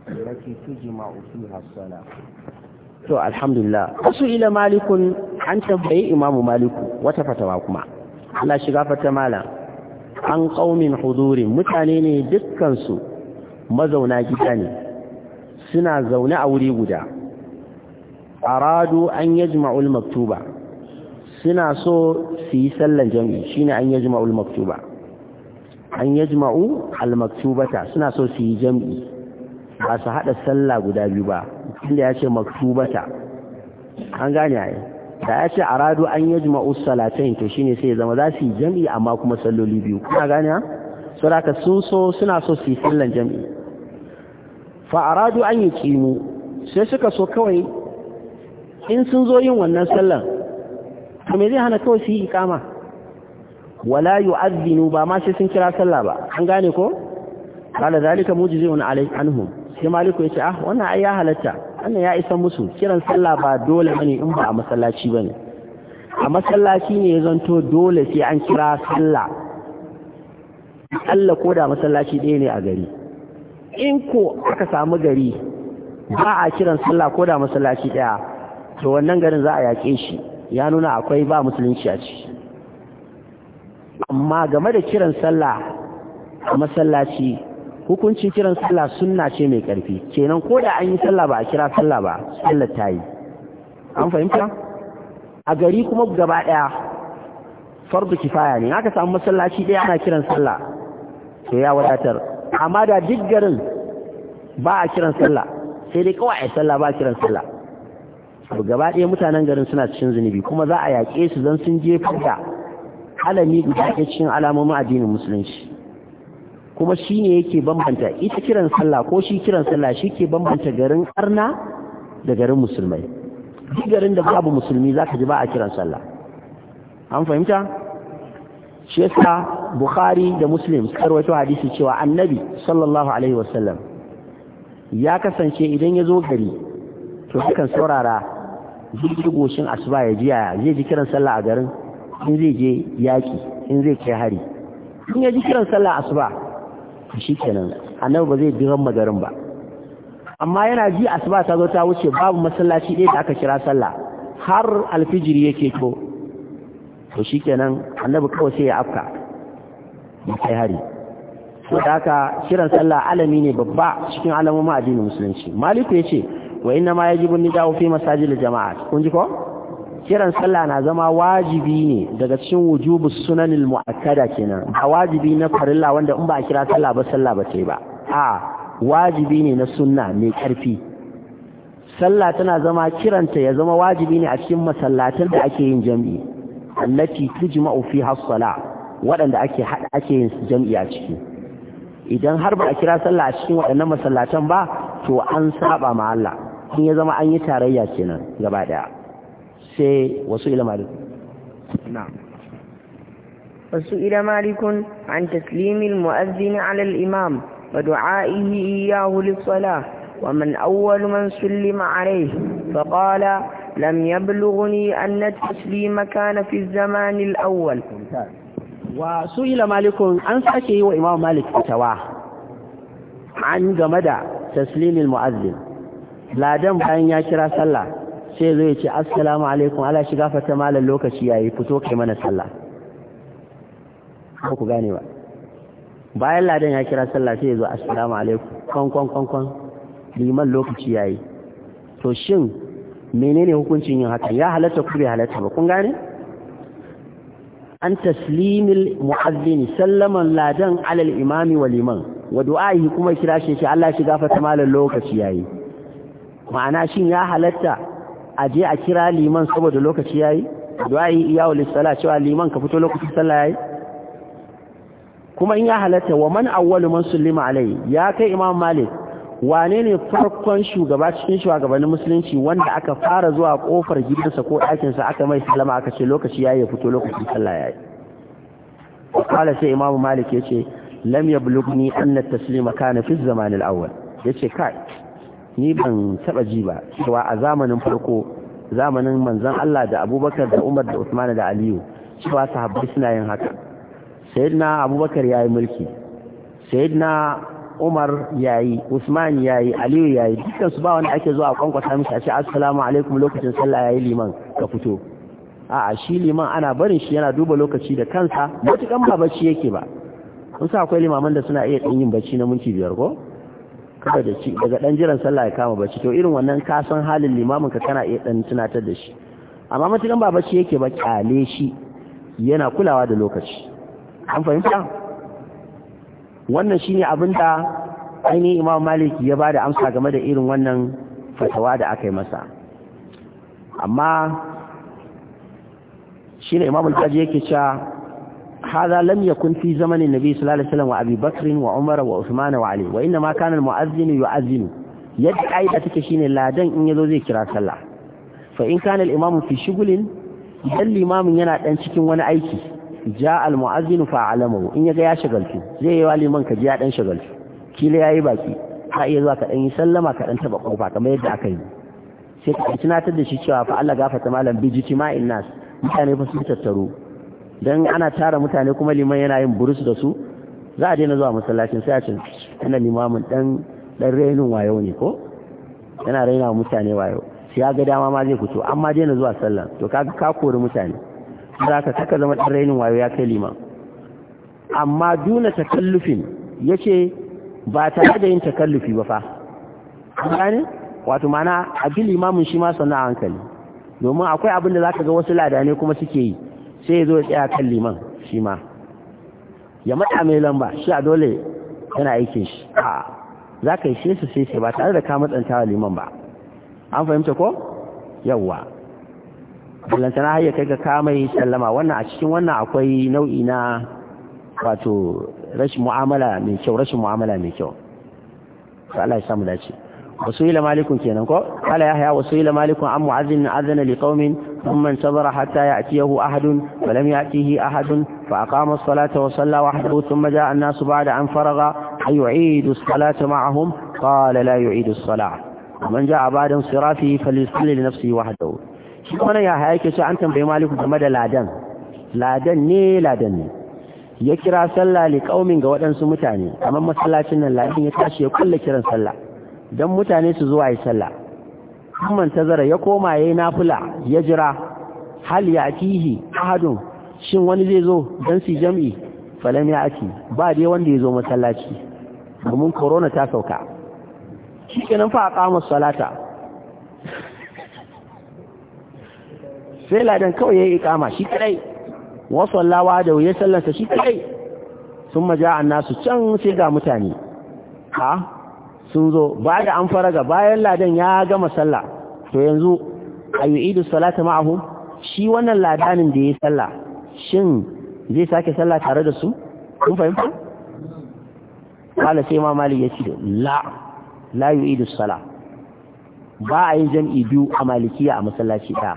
التي تجمع فيها الصلاة الحمد لله أصو إلى مالك عن تبعي إمام مالك وتفت معكم على شغافة مالا عن قوم حضور متانين دكا سو مزونا جداني سنا زونا أولي وداع aradu an yajma'ul maktuba suna so su yi sallan jami'i shine an yajma'ul maktuba an yajma'u al maktubata suna so su yi jami'i ba su hada sallah guda biyu ba inda ya ce maktubata an gane ai da ya ce aradu an yajma'u salatain to shine sai ya zama za su yi jami'i amma kuma salloli biyu kuna gane ka sun so suna so su yi sallan jami'i fa aradu an yi kimu sai suka so kawai in sun zo yin wannan sallar to me zai hana kawai su yi ikama wala yu'adhdhinu ba ma sai sun kira sallah ba an gane ko kala zalika mujizun alai anhum sai maliku yace ah wannan ai ya halatta annan ya isa musu kiran sallah ba dole bane in ba a masallaci bane a masallaci ne ya zanto dole sai an kira sallah Allah ko da masallaci ɗaya ne a gari in ko aka samu gari ba a kiran sallah ko da masallaci ɗaya to wannan garin za a yaƙe shi ya nuna akwai ba musulunci a ciki amma game da kiran sallah a masallaci hukuncin kiran sallah sunna ce mai ƙarfi kenan ko da an yi sallah ba a kira sallah ba sallah ta yi an fahimta a gari kuma gaba ɗaya fardu kifaya ne aka samu masallaci ɗaya ana kiran sallah to ya wadatar amma da duk garin ba a kiran sallah sai dai kawai a sallah ba a kiran sallah to gaba ɗaya mutanen garin suna cikin zunubi kuma za a yaƙe su zan sun je da alami guda ke cikin alamomin addinin musulunci kuma shi ne yake bambanta ita kiran sallah ko shi kiran sallah shi ke bambanta garin arna da garin musulmai duk garin da babu musulmi za ka ji ba a kiran sallah an fahimta shi yasa bukhari da muslim suka rawaito hadisi cewa annabi sallallahu alaihi wasallam ya kasance idan ya zo gari to sukan saurara duk goshin asuba ya jiya zai ji kiran sallah a garin in zai je yaki in zai kai hari in ya ji kiran sallah asuba shi kenan annabi ba zai ran magarin ba amma yana ji asuba ta zo ta wuce babu masallaci ɗaya da aka kira sallah har alfijiri yake ko to shi kenan annabi kawai sai ya afka ya kai hari so da haka kiran sallah alami ne babba cikin alamomin addinin musulunci maliku ya ce wa inna ma yajibu nida'u fi masajil jama'at kun ji ko kiran sallah na zama wajibi ne daga cikin wujubu sunanil mu'akkada kenan a wajibi na farilla wanda in ba kira sallah ba sallah ba ce ba a wajibi ne na sunna mai karfi sallah tana zama kiranta ya zama wajibi ne a cikin masallatan da ake yin jam'i allati tujma'u fi hasala waɗanda ake hada ake yin jam'i a ciki idan har ba a kira sallah a cikin waɗannan masallatan ba to an saba ma Allah in ya zama an yi tarayya kenan gaba daya sai wasu ila malik na'am wasu ila malikun an taslimil mu'azzin ala al-imam wa du'a'ihi iyyahu lis-salah wa man awwal man sallima alayhi fa qala lam yablughni taslima kana لم يبلغني أن التسليم كان في الزمان الأول وسئل مالك عن ساكي وإمام مالك فتواه عن جمد تسليم mu'azzin ladan bayan ya kira sallah sai zai ce assalamu alaikum ala shiga fata malar lokaci yayi fito kai mana sallah ku gane ba bayan ladan ya kira sallah sai ya zo assalamu alaikum kon kon kon kon liman lokaci yayi to shin menene hukuncin yin haka ya halatta ku bai halatta ba kun gane an taslimil mu'azzin sallaman ladan alal imami wal liman wa du'ahi kuma kira shi Allah shiga fata malar lokaci yayi ma'ana shin ya halatta a je a kira liman saboda lokaci yayi du'ai iyawu lissala cewa liman ka fito lokacin sallah yayi kuma in ya halatta wa man awwalu man sallima alai ya kai imam malik wane ne farkon shugaba cikin shugabannin musulunci wanda aka fara zuwa kofar gidansa ko sa aka mai sallama aka ce lokaci yayi ya fito lokacin sallah yayi qala sai imam malik yace lam yablugni anna at-taslima kana fi zaman al-awwal yace kai ni ban taba ji ba cewa a zamanin farko zamanin manzon Allah da Abubakar da Umar da Usman da Aliyu cewa sahabbai suna yin haka sayyidina Abubakar yayi mulki sayyidina Umar yayi Usman yayi Aliyu yayi dukkan su ba wanda ake zuwa kwankwasa musu a ce assalamu alaikum lokacin sallah yayi liman ka fito a'a shi liman ana barin shi yana duba lokaci da kansa matukan ba bacci yake ba kun sa akwai limaman da suna iya yin bacci na minti biyar ko kada da ci daga dan jiran sallah ya kama bacci to irin wannan ka san halin limamin ka kana iya dan tunatar da shi amma matukan ba bacci yake ba kyale shi yana kulawa da lokaci an fahimta wannan shine abin da ainihin imam malik ya ba da amsa game da irin wannan fatawa da aka yi masa amma shine imam al yake cewa هذا لم يكن في زمن النبي صلى الله عليه وسلم وأبي بكر وعمر وعثمان وعلي وإنما كان المؤذن يؤذن يدعي أتكشين اللادن إن يذو ذكرى صلى فإن كان الإمام في شغل يدل الإمام ينا أنشك وانا أيكي جاء المؤذن فأعلمه إن يجي أشغل فيه زي والي منك جاء أنشغل فيه كيلي يا إباكي حقي ذوك أن يسلم كأن تبقى قفاك ما يدعك sai ka tunatar da shi cewa fa Allah gafarta malam bi jitima'in nas mutane fa su tattaru dan ana tara mutane kuma liman yana yin burus da su za a daina zuwa masallacin sai a ce ana limamin dan dan rainin wayo ne ko yana raina mutane wayo sai ya ga dama ma zai fito amma daina zuwa sallah to kaga ka kori mutane za ka saka zama dan rainin wayo ya kai liman amma duna takallufin yace ba tare da yin takallufi ba fa gane wato mana bi limamin shi ma sannan hankali domin akwai abin da zaka ga wasu ladane kuma suke yi sai ya zo ya tsaya kan liman shi ma ya mata mai lamba shi a dole yana aikin shi a za ka yi shesu sai sai ba tare da ka tsantawa liman ba an fahimta ko yawwa ballantana har ya kai ga kamai sallama wannan a cikin wannan akwai nau'i na wato rashin mu'amala mai kyau rashin mu'amala mai kyau Allah ya samu dace wasu ila malikun kenan ko ala yahya wasu ila malikun an mu'azzin min adana li qaumin thumma sabara hatta ya'tiyahu ahadun fa lam ya'tihi ahadun fa aqama as-salata wa salla wahdahu thumma ja'a an-nasu ba'da an faraga ayu'idu as-salata ma'ahum qala la yu'idu as-salata man ja'a ba'da sirafi falyusalli li nafsihi wahdahu shi kuma ya haye ke an tambaye malikun game da ladan ladan ne ladan ne ya kira sallah li ga wadansu mutane Kamar masallacin nan ladan ya tashi ya kulle kiran sallah don mutane su zuwa yi sallah amman tazara ya koma yayi nafula ya jira hal akihi ahadun shin wani zai zo don su jam'i falam ya'ti ba dai wanda ya zo masallaci domin corona ta sauka Shi kenan fa aqama salata sai ladan kawai yayi iqama shi kadai wa sallawa da ya sallarsa shi kadai sun maja nasu can sai ga mutane ha sun zo ba da an faraga bayan ladan ya gama sallah to yanzu a yi idu salata ma'ahu shi wannan ladanin da ya yi sallah shin zai sake sallah tare da su kun fahimta kala sai ma mali ya ce la la yi idu sallah ba a yin jam'i biyu a malikiya a masallaci ɗaya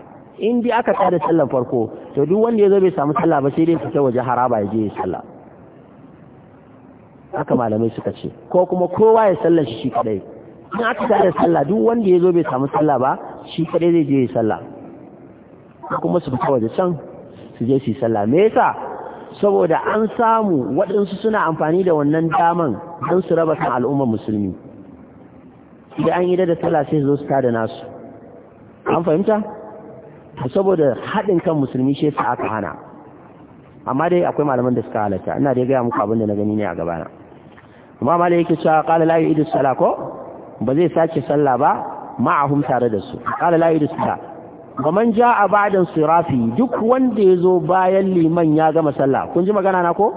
in dai aka tada sallar farko to duk wanda ya zo bai samu sallah ba sai dai fita waje haraba ya je ya sallah haka malamai suka ce ko kuma kowa ya sallar shi shi kadai in aka da sallah duk wanda ya zo bai samu sallah ba shi kadai zai je ya sallah kuma su fita waje can su je su yi sallah me yasa saboda an samu waɗansu suna amfani da wannan daman don su raba kan al'ummar musulmi idan an yi da sallah sai zo su tada nasu an fahimta saboda haɗin kan musulmi shi yasa aka hana amma dai akwai malaman da suka halarta ina dai gaya muku abin na gani ne a gabana amma mala yake cewa qala la yu'idu sala ko ba zai sace sallah ba ma'ahum tare da su qala la yu'idu sala Ga man jaa ba'da sirafi duk wanda yazo bayan liman ya gama sallah kun ji magana na ko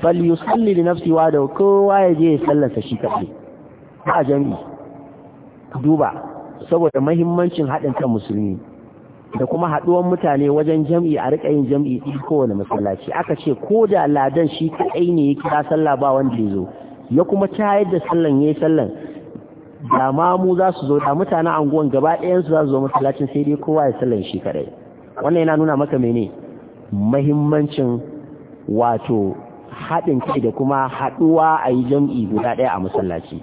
falyusalli li nafsi wa da kowa ya je sallarsa shi kafi ba jam'i duba saboda muhimmancin haɗin kan musulmi da kuma haɗuwan mutane wajen jam'i a riƙa yin jam'i ɗin kowane masallaci aka ce ko da ladan shi kaɗai ne ya kira sallah ba wanda ya zo ya kuma cayar da sallan ya yi sallan da ma mu za su zo da mutanen anguwan gaba ɗayan su za su zo masallacin sai dai kowa ya sallan shi kadai wannan yana nuna maka mene mahimmancin wato haɗin kai da kuma haɗuwa a yi jam'i guda ɗaya a masallaci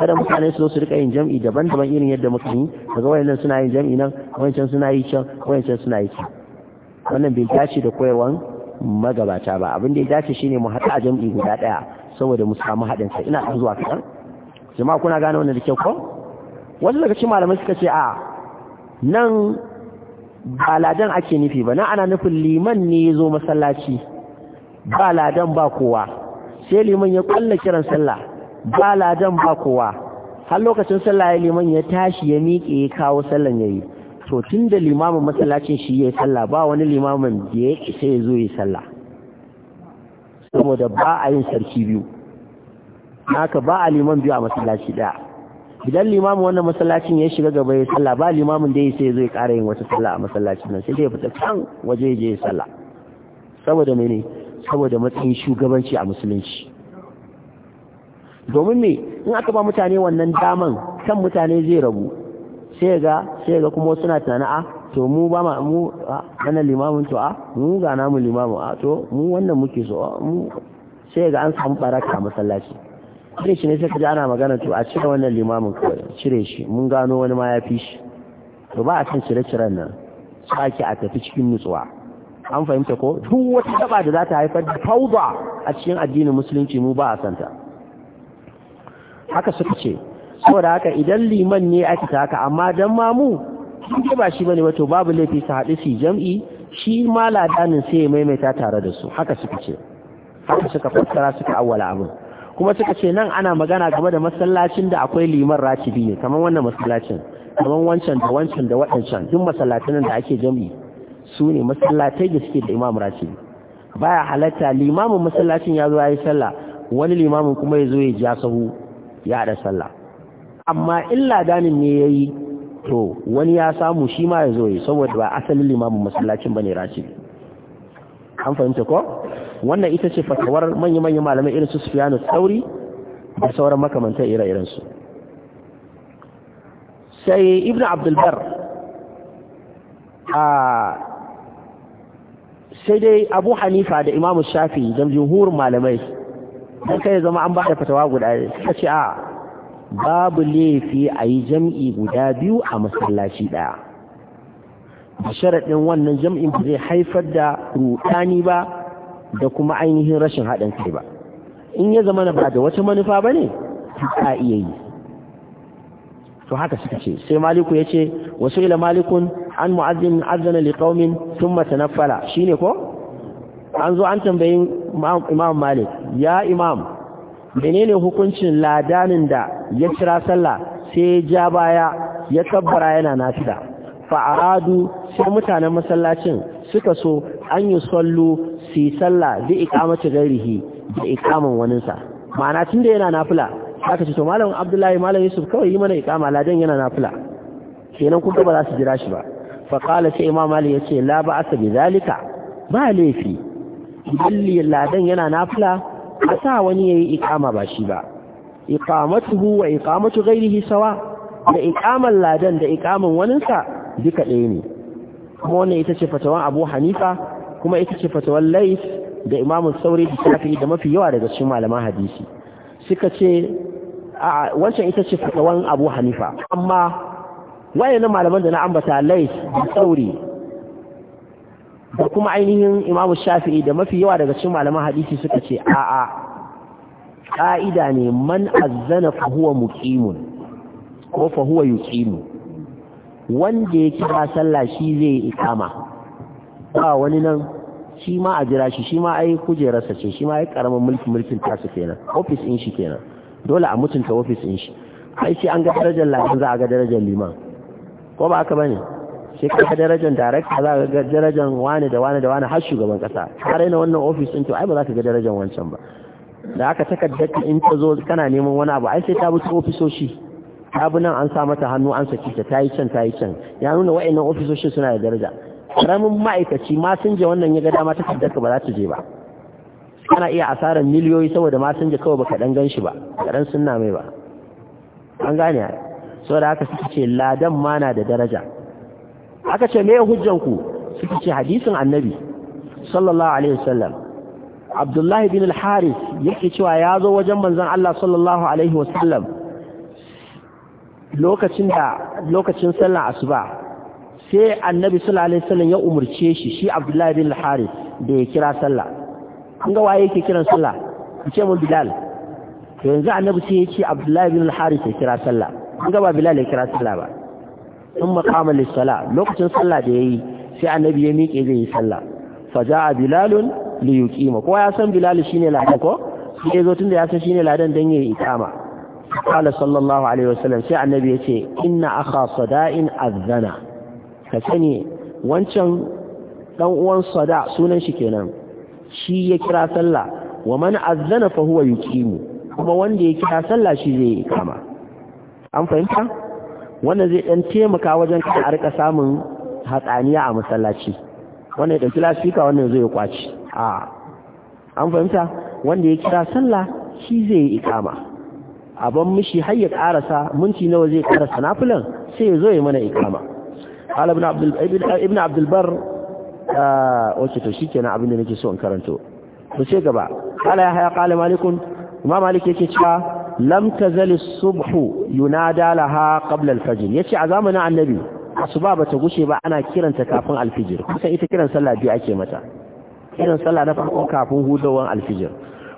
kada mutane su zo su rika yin jam'i daban-daban irin yadda muka yi daga wayannan suna yin jam'i nan wancan suna yi can wancan suna yi can wannan bai dace da koyarwan magabata ba abin da ya dace shine mu haɗa a jam'i guda ɗaya saboda mu samu haɗin kai ina zuwa kaɗan jama'a kuna gane wannan da kyau ko wasu daga cikin malamai suka ce a nan ba ladan ake nufi ba nan ana nufin liman ne ya zo masallaci ba ladan ba kowa sai liman ya kwalla kiran sallah ba ladan ba kowa har lokacin sallah ya liman ya tashi ya miƙe ya kawo sallan ya yi to tun da limamin masallacin shi ya yi sallah ba wani limamin da ya sai ya zo ya sallah saboda ba a yin sarki biyu haka ba a liman biyu a masallaci daya idan limamin wannan masallacin ya shiga gaba ya sallah ba limamin da ya sai zai ƙara yin wata sallah a masallacin nan sai dai ya fita can waje ya je ya sallah saboda mene saboda matsayin shugabanci a musulunci domin me in aka ba mutane wannan daman kan mutane zai rabu sai ga sai ga kuma suna tunana a ah, to mu ba ma mu ah, ana limamin to a ah, mu ga namu limamin a ah, to mu wannan muke so ah, mu sai ga an samu baraka a masallaci sai shi ne sai ka ana magana to a cire wannan limamin kawai cire shi mun gano wani ma ya fi to ba a san cire-ciren nan saki a tafi cikin nutsuwa an fahimta ko duk wata daba da za ta haifar da fauda a cikin addinin musulunci mu ba a santa haka suka ce saboda haka idan liman ne ake ta haka amma dan mamu in ba shi bane wato babu laifi su haɗu su jam'i shi ma ladanin sai ya maimaita tare da su haka suka ce haka suka fassara suka awwala abin kuma suka ce nan ana magana game da masallacin da akwai liman ratibi ne kamar wannan masallacin kamar wancan da wancan da waɗancan duk masallatan da ake jam'i su ne masallatai da suke da imam ratibi baya halatta limamin masallacin ya zo ya yi sallah wani limamin kuma ya zo ya ja sahu ya haɗa sallah amma in ladanin ne ya yi to wani ya samu shi ma ya zoye saboda ba asalin limamin masallacin bane rashi an fahimta ko wannan ita ce fatawar manya-manyan malamai irin su Sufyanu Tsauri da sauran makamantar ire-iren su sai Ibn Abdul Bar a sai dai Abu Hanifa da imamu Shafi da jumhur malamai don kai zama an ba da fatawa guda suka ce a babu laifi a yi jam'i guda biyu a masallaci ɗaya da sharaɗin wannan jam'in ba zai haifar da ruɗani ba da kuma ainihin rashin haɗin kai ba in ya zama na ba da wata manufa ba ne ta iya yi to haka suka ce sai maliku ya ce wasu ila malikun an mu'azzin azana liqaumin thumma tanaffala shine ko an zo an tambayi imam malik ya imam menene hukuncin ladanin da ya kira sallah sai ya ja baya ya tabbara yana nafila aradu sai mutanen masallacin suka so an yi sallu su yi sallah zai ikamata gairihi da ikaman waninsa ma'ana tun da yana nafila aka ce to malam abdullahi malam yusuf kawai yi mana ikama ladan yana nafila kenan kuka ba za su jira shi ba faƙala sai imam mali ya ce la ba asa zalika ba laifi idan ladan yana nafila a sa wani ya yi ikama ba shi ba Ikamatu wa Ikamatu ghairihi sawa da ikaman ladan da ikaman waninsa duka ɗaya ne kuma wannan ita ce fatawan Abu Hanifa kuma ita ce fatawan Lais da imamun saurin da fi da mafi yawa daga cikin malaman hadisi suka ce a wancan ita ce fatawan Abu Hanifa amma wayannan malaman da na ambata Lais da Sauri da kuma ainihin imamu shafi'i da mafi yawa daga cikin malaman hadisi suka ce a'a ƙa'ida ne man azzana fahuwa huwa muqimun ko fahuwa yuqimu wanda ya kira sallah shi zai yi ikama ba wani nan shi ma a jira shi shi ma ai kujerarsa ce shi ma ai karamin mulkin mulkin tasu kenan office in shi kenan dole a mutunta office in shi ai sai an ga darajar lafiya za a ga darajar liman ko ba haka bane sai ka darajar darakta za ka ga darajar wani da wani da wani har shugaban kasa har yana wannan ofis ɗin to ai ba za ka ga darajar wancan ba da aka takaddar in ta zo kana neman wani abu ai sai ta bi ofisoshi ta bi nan an sa mata hannu an saki ta tayi can tayi can ya nuna wa'annan ofisoshin suna da daraja karamin ma'aikaci masinja wannan ya ga dama takaddar ka ba za ta je ba kana iya asarar miliyoyi saboda masinja kawai baka dan ganshi ba kadan sunna mai ba an gane saboda haka suka ce ladan ma na da daraja aka ce me hujjanku suka ce hadisin annabi sallallahu alaihi wasallam abdullahi bin al-haris yake cewa ya zo wajen manzon Allah sallallahu alaihi wasallam lokacin da lokacin sallar asuba sai annabi sallallahu alaihi wasallam ya umurce shi shi abdullahi bin al-haris da ya kira sallah an ga waye yake kiran sallah ce mun bilal to yanzu annabi sai ya ce abdullahi bin al-haris ya kira sallah an ga ba bilal ya kira sallah ba in maqama lis-sala lokacin sallah da yayi sai annabi ya miƙe zai yi sallah fa a bilalun li yuqima ko ya san bilal ne ladan ko sai zo tunda ya san ne ladan dan yi ikama, qala sallallahu alaihi wasallam sai annabi yace inna akha sada'in azana ka sani wancan dan uwan sada sunan shi kenan shi ya kira sallah wa man azzana fa huwa yuqimu kuma wanda ya kira sallah shi zai ikama, an fahimta wannan zai ɗan taimaka wajen kada a rika samun hatsaniya a masallaci wannan ya ɗauki lafika wannan zai ya kwaci a an fahimta wanda ya kira sallah shi zai yi ikama abin mishi har ya karasa minti nawa zai karasa nafilan sai ya zo ya mana ikama Ibn ابن عبد ابن عبد البر wace to shikenan abin da nake so in karanto to sai gaba qala ya haya qala malikun imam malik yake cewa lam tazal subhu subh yunada laha qabla al-fajr yace a zamanin annabi asuba bata gushe ba ana kiranta kafin al-fajr kusan ita kiran sallah biyu ake mata kiran sallah na farko kafin hudawan al-fajr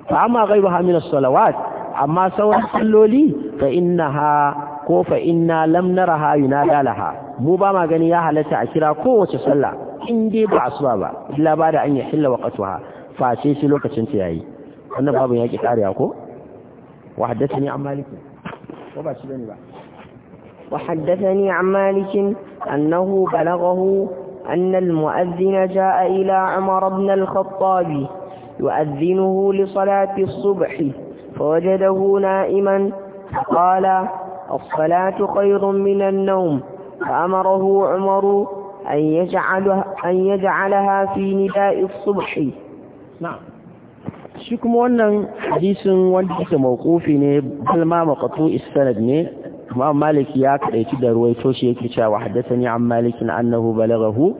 fa amma ghayruha min as-salawat amma sauran salloli fa innaha ko fa inna lam naraha yunada laha mu ba ma gani ya halatta a kira kowace sallah in dai ba asuba ba illa ba da an yi hilla waqtuha fa sai shi lokacin ta yayi wannan babu yaki kariya ko وحدثني عن مالك وحدثني عن مالك أنه بلغه أن المؤذن جاء إلى عمر بن الخطاب يؤذنه لصلاة الصبح فوجده نائما فقال الصلاة خير من النوم فأمره عمر أن يجعلها, أن يجعلها في نداء الصبح نعم shi kuma wannan hadisin wanda yake mawqufi ne balma maqtu sanad ne kuma maliki ya kadaici da ruwaito shi yake cewa ni an malikin annahu balagahu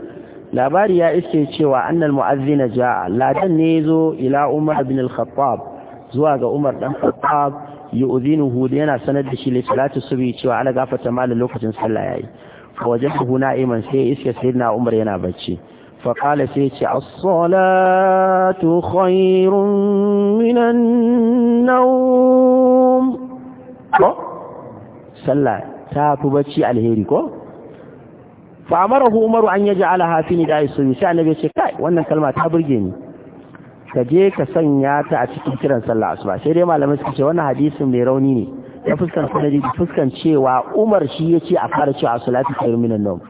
labari ya iske cewa annal mu'azina jaa ladan ne zo ila umar ibn al-khattab zuwa ga umar dan khattab yu'zinuhu yana sanar da shi li salatu subhi cewa ala gafata mal lokacin sallah yayi wajen huna iman sai iske sayyidina umar yana bacci faƙala sai ce as-salatu khairun ko sallah ta fi bacci alheri ko fa amarahu umaru an yaj'alaha fi nida'i sunni sai annabi ce kai wannan kalma ta burge ni ka je ka sanya ta a cikin kiran sallah asuba sai dai malamai suka ce wannan hadisin mai rauni ne ta fuskan sanadi fuskan cewa Umar shi ya ce a fara cewa as-salatu khairun minan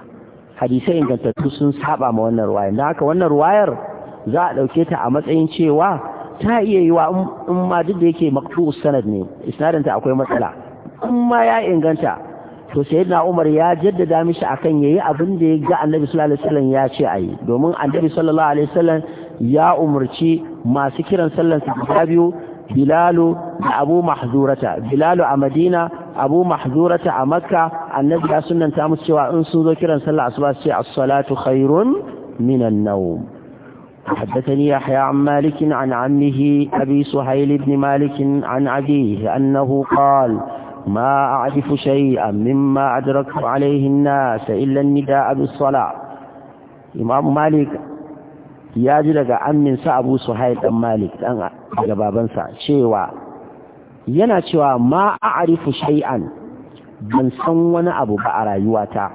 hadisai ingantattu sun saba ma wannan ruwayar da haka wannan ruwayar za a ɗauke ta a matsayin cewa ta iya yi wa in ma duk da yake maktu sanad ne isnadinta akwai matsala in ma ya inganta to sayyidina Umar ya jaddada mishi akan yayi abin da ya ga Annabi sallallahu alaihi wasallam ya ce ayi domin Annabi sallallahu alaihi wasallam ya umurci masu kiran sallan su biyu Bilalu da Abu Mahzurata Bilalu a Madina abu mahzurata a makka annabi ya sunanta musu cewa in sun zo kiran sallah asuba su ce as-salatu khairun min an-nawm حدثني يحيى عن مالك عن عمه أبي سهيل بن مالك عن أبيه أنه قال ما أعرف شيئا مما أدركت عليه الناس إلا النداء بالصلاة إمام مالك يجد عن من سأبو سهيل بن مالك أن أجبابا سعشيوا yana cewa ma a'rifu shay'an ban san wani abu ba a rayuwata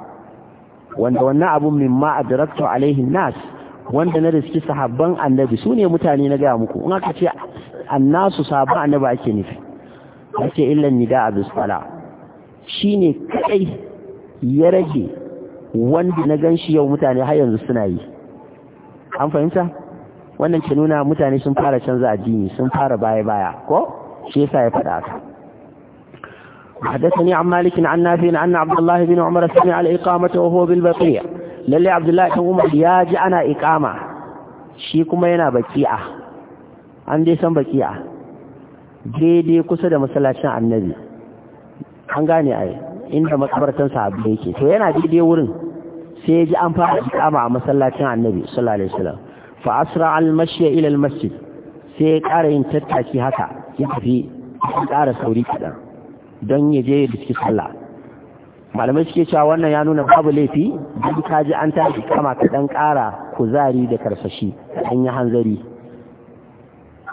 wanda wannan abu min ma adraktu alaihi nas wanda na riski sahabban annabi su ne mutane na gaya muku in aka ce annasu sahabban annabi ake nufi ake illan nida a bisala shi ne kadai ya rage wanda na gan shi yau mutane har yanzu suna yi an fahimta wannan ke nuna mutane sun fara canza addini sun fara baya-baya ko shi yasa ya faɗa haka حدثني عن مالك عن نافع أن عبد الله بن عمر سمع الإقامة وهو بالبقية للي عبد الله بن عمر يا جعنا إقامة شيكما ينا بكيئة عندي سن بكيئة daidai kusa da masallacin annabi an gane ai inda makabartan sahabbai yake to yana dai wurin sai ji an fara ikama a masallacin annabi sallallahu alaihi wasallam fa asra al mashya ila al masjid sai ya ƙara yin tattaki haka ya a ƙara sauri kaɗan don ya je ya diski sallah malamai suke cewa wannan ya nuna babu laifi don ka ji an tashi kama ka ɗan ƙara kuzari da karsashi ɗan yi hanzari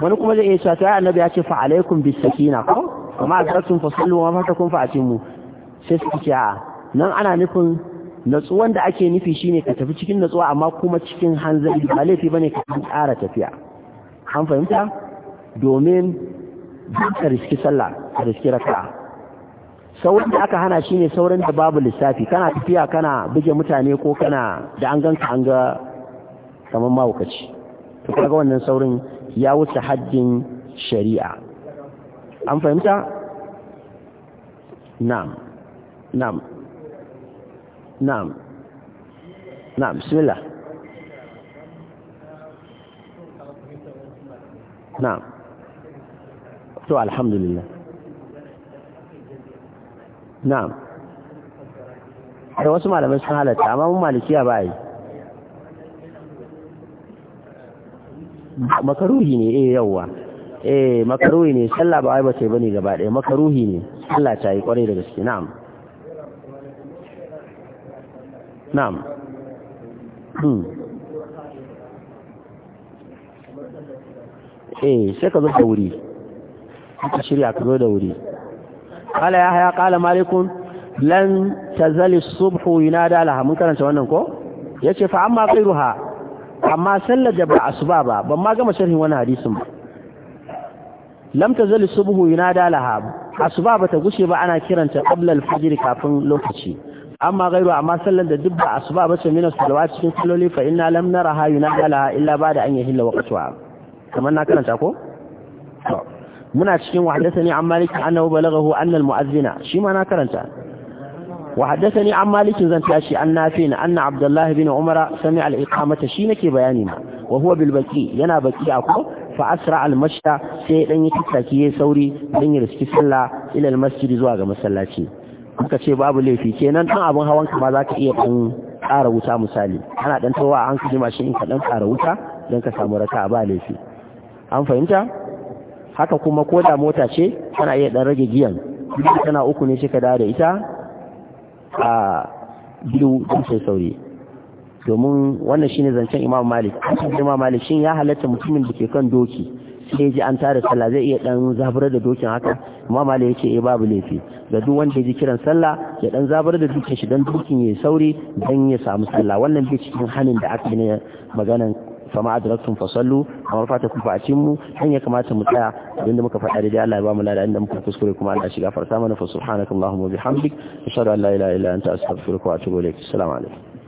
wani kuma zai iya cewa ta annabi ya ce fa alaikum bis sakina ko kuma a zartun fa sallu wa kun fa mu sai suke a nan ana nufin natsuwan da ake nufi shine ka tafi cikin natsuwa amma kuma cikin hanzari ba laifi bane ka ƙara tafiya an fahimta domin ka riski sallah ka riski raka'a sauran da aka hana shine sauran da babu lissafi kana tafiya kana buge mutane ko kana da an ganka an ga kamar mahaukaci to kaga wannan saurin ya wuce haddin shari'a an fahimta na'am na'am na'am na'am bismillah na'am to alhamdulillah na'am da wasu malamai sun halatta amma mun malikiya ba yi makaruhi ne eh yawwa eh makaruhi ne sallah ba wai bace bane gaba ɗaya makaruhi ne sallah ta yi kwarai da gaske na'am na'am hmm. eh sai ka zo da wuri ka shirya ka zo da wuri Kala ya haya qala malikun lan tazali subhu yunada laha mun karanta wannan ko yace fa amma ghayruha amma sallar da ba asuba ba ban ma gama sharhin wannan hadisin ba lam tazali subhu yunada laha asuba ta gushe ba ana kiranta qabla al-fajr kafin lokaci amma gairu amma sallan da duk ba asuba bace min salawat cikin salloli fa inna lam naraha yunada laha illa ba da an yahilla waqtuha kamar na karanta ko to muna cikin wahaddathani an malik annahu balaghahu anna al shi ma na karanta wahaddathani an malik zan tashi annafi nafi anna abdullah ibn umar sami'a al-iqamata shi nake bayani ma wa huwa bil baqi yana baqi ako fa asra al-mashta sai dan yi tattaki yayi sauri dan yi riski sallah ila al-masjid zuwa ga masallaci muka ce babu laifi kenan dan abun hawan ka ma zaka iya dan ƙara wuta misali ana dan tawa an kaji mashin in ka dan ƙara wuta dan ka samu raka ba laifi an fahimta haka kuma ko da mota ce tana iya dan rage giyan duk tana uku ne shika dawo da ita a biyu din sai sauri domin wannan shine zancen Imam Malik Imam Malik shin ya halatta mutumin da ke kan doki sai ji an tare sallah zai iya dan zaburar da dokin haka Imam Malik yake eh babu laifi ga duk wanda ya ji kiran sallah ya dan zaburar da dukin shi dan dokin yi sauri dan ya samu sallah wannan bai cikin hanin da aka yi maganan فما أدركتم فصلوا أما رفعتكم فأتموا حين كمات متاع عند مكفر أرداء الله أبام الله لأن مكفر تذكركم على أشياء فرثامنا فسبحانك اللهم وبحمدك أشهد أن لا إله إلا أنت أستغفرك وأتوب إليك السلام عليكم